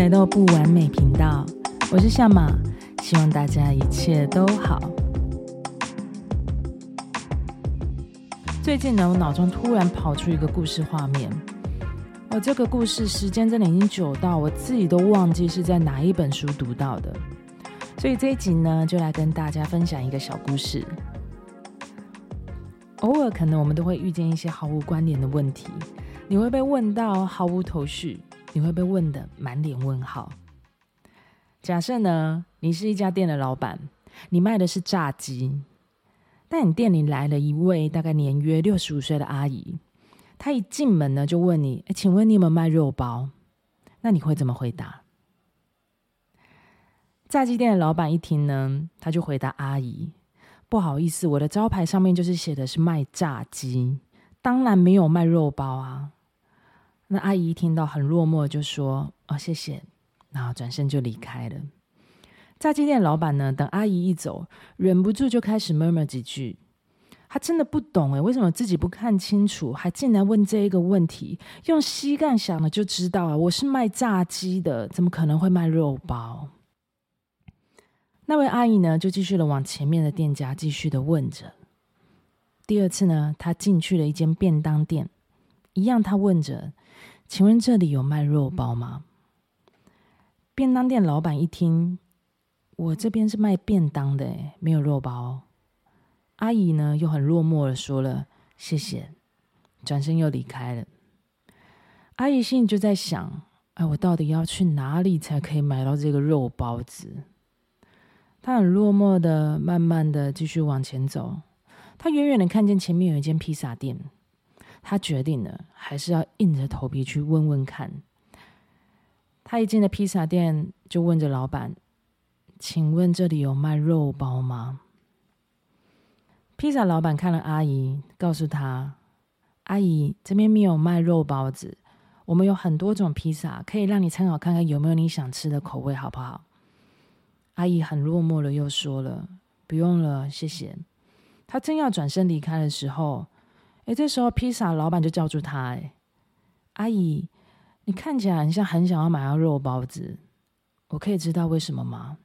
來到不完美頻道，我是夏瑪。希望大家一切都好。最近呢，我腦中突然跑出一個故事畫面。我、哦、這個故事時間真的已經久到我自己都忘記是在哪一本書讀到的。所以這一集呢，就來跟大家分享一個小故事。偶爾可能我們都會遇見一些毫無關聯的問題，你會被問到毫無頭緒。你會被問得滿臉問號。假設呢，你是一家店的老闆，你賣的是炸雞，但你店裡來了一位大概年約六十五歲的阿姨，她一進門呢就問你：“誒，請問你有沒有賣肉包？”那你會怎麼回答？炸雞店的老闆一聽呢，他就回答阿姨：“不好意思，我的招牌上面就是寫的是賣炸雞，當然沒有賣肉包啊。”那阿姨聽到很落寞，就說：“哦，謝謝。”然後轉身就離開了。炸雞店的老板呢，等阿姨一走，忍不住就開始 murmur 幾句。他真的不懂哎，為什麼自己不看清楚，還進來問這一個問題？用膝蓋想了就知道啊，我是賣炸雞的，怎麼可能會賣肉包？那位阿姨呢，就繼續的往前面的店家繼續的問着。第二次呢，她進去了一間便當店，一樣她問着。請問這裡有賣肉包嗎？便當店老闆一聽，我這邊是賣便當的，哎，沒有肉包。阿姨呢，又很落寞的說了謝謝，轉身又離開了。阿姨心裡就在想：哎，我到底要去哪裡才可以買到這個肉包子？她很落寞的，慢慢的繼續往前走。她遠遠的看見前面有一間披薩店。他決定了，還是要硬着頭皮去問問看。他一進了披薩店，就問着老闆：“請問這裡有賣肉包嗎？”披薩老闆看了阿姨，告訴他：“阿姨，這邊沒有賣肉包子。我們有很多種披薩，可以讓你參考看看，有沒有你想吃的口味，好不好？”阿姨很落寞的又說了：“不用了，謝謝。”她正要轉身離開的時候，哎，這時候披薩老闆就叫住他：“哎，阿姨，你看起來你像很想要買到肉包子，我可以知道為什麼嗎？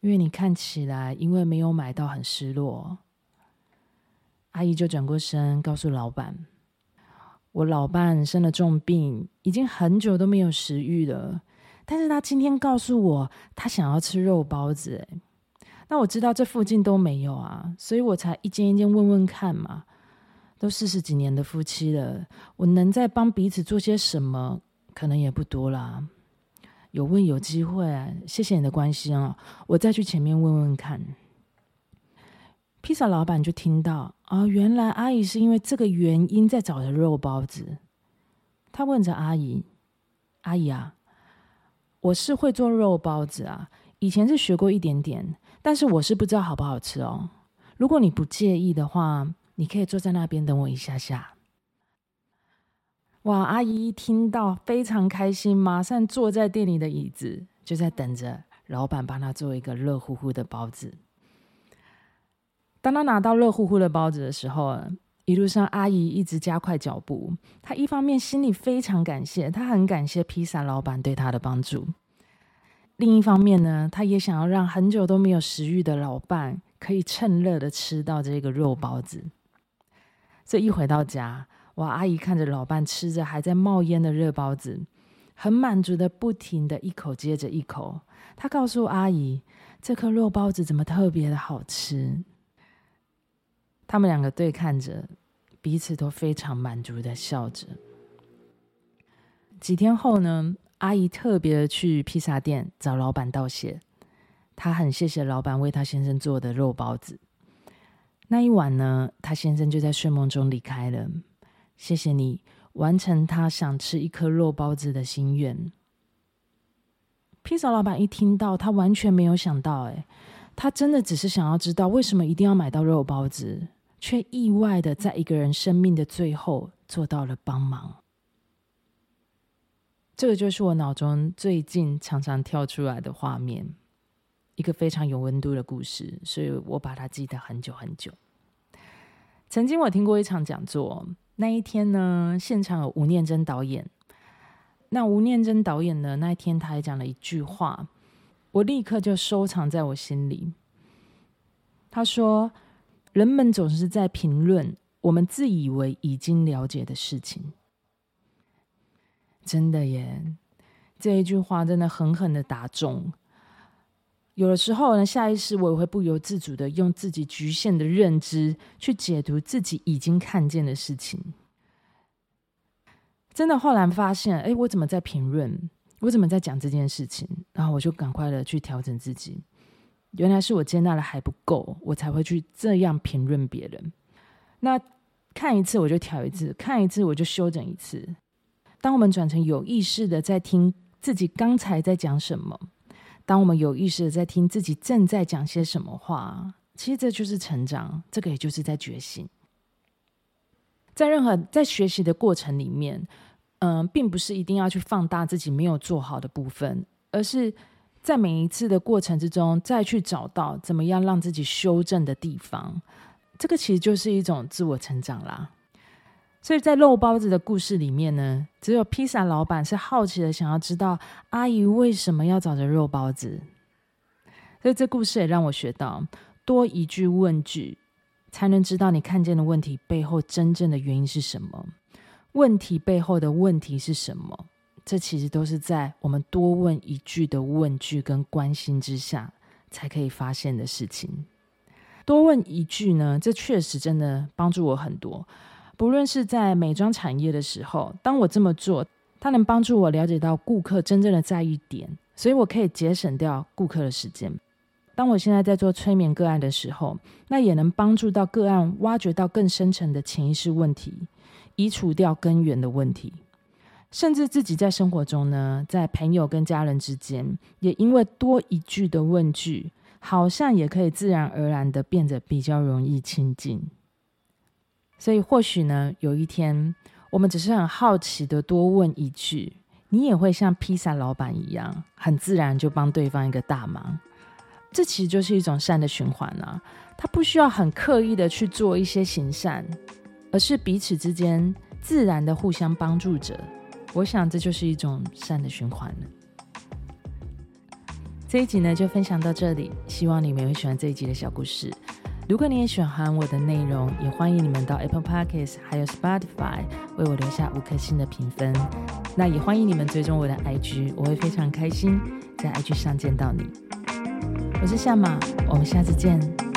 因為你看起來因為沒有買到很失落。”阿姨就轉過身告訴老闆：“我老伴生了重病，已經很久都沒有食欲了，但是他今天告訴我他想要吃肉包子。哎，那我知道這附近都沒有啊，所以我才一間一間問問看嘛。”都四十幾年的夫妻了，我能再幫彼此做些什麼，可能也不多啦。有問有機會、啊，謝謝你的關心哦、啊。我再去前面問問看。披薩老板就聽到啊、哦，原來阿姨是因為這個原因在找的肉包子。他問着阿姨：“阿姨啊，我是會做肉包子啊，以前是學過一點點，但是我是不知道好不好吃哦。如果你不介意的話。”你可以坐在那邊等我一下下。哇，阿姨一聽到非常開心，馬上坐在店裡的椅子，就在等着老板幫她做一個熱乎乎的包子。當她拿到熱乎乎的包子的時候，一路上阿姨一直加快腳步。她一方面心裡非常感謝，她很感謝披薩老板對她的幫助；另一方面呢，她也想要讓很久都沒有食欲的老伴可以趁熱的吃到這個肉包子。這一回到家，我阿姨看着老伴吃着還在冒煙的熱包子，很滿足的，不停的，一口接着一口。她告訴阿姨，這顆肉包子怎麼特別的好吃。他們兩個對看着，彼此都非常滿足的笑着。幾天後呢，阿姨特別去披薩店找老板道謝，她很謝謝老板為她先生做的肉包子。那一晚呢，他先生就在睡夢中離開了。謝謝你完成他想吃一顆肉包子的心願。披薩老板一聽到，他完全沒有想到、欸，哎，他真的只是想要知道為什麼一定要買到肉包子，卻意外的在一個人生命的最後做到了幫忙。這個就是我腦中最近常常跳出來的畫面。一個非常有溫度的故事，所以我把它記得很久很久。曾經我聽過一場講座，那一天呢，現場有吳念真導演。那吳念真導演呢，那一天他還講了一句話，我立刻就收藏在我心裡。他說：“人們總是在評論我們自以為已經了解的事情。”真的耶，這一句話真的狠狠的打中。有的時候呢，下意識我也會不由自主的用自己局限的認知去解讀自己已經看見的事情。真的，後來發現，哎，我怎麼在評論？我怎麼在講這件事情？然後我就趕快的去調整自己。原來是我接納的還不夠，我才會去這樣評論別人。那看一次我就調一次，看一次我就修整一次。當我們轉成有意識的在聽自己剛才在講什麼。當我們有意識的在聽自己正在講些什麼話，其實這就是成長，這個也就是在覺醒。在任何在學習的過程裡面，嗯、呃，並不是一定要去放大自己沒有做好的部分，而是在每一次的過程之中，再去找到怎麼樣讓自己修正的地方，這個其實就是一種自我成長啦。所以在肉包子的故事裡面呢，只有披薩老闆是好奇的，想要知道阿姨為什麼要找着肉包子。所以這故事也讓我學到，多一句問句，才能知道你看見的問題背後真正的原因是什麼，問題背後的問題是什麼。這其實都是在我們多問一句的問句跟關心之下，才可以發現的事情。多問一句呢，這確實真的幫助我很多。不論是在美妝產業的時候，當我這麼做，它能幫助我了解到顧客真正的在意點，所以我可以節省掉顧客的時間。當我現在在做催眠個案的時候，那也能幫助到個案挖掘到更深層的潛意識問題，移除掉根源的問題。甚至自己在生活中呢，在朋友跟家人之間，也因為多一句的問句，好像也可以自然而然的變得比較容易親近。所以或許呢，有一天我們只是很好奇的多問一句，你也會像披薩老闆一樣，很自然就幫對方一個大忙。這其實就是一種善的循環啊！他不需要很刻意的去做一些行善，而是彼此之間自然的互相幫助着。我想這就是一種善的循環。這一集呢，就分享到這裡，希望你們也會喜歡這一集的小故事。如果你也喜歡我的內容，也歡迎你們到 Apple Podcasts 還有 Spotify 為我留下五顆星的評分。那也歡迎你們追蹤我的 IG，我會非常開心在 IG 上見到你。我是夏馬，我們下次見。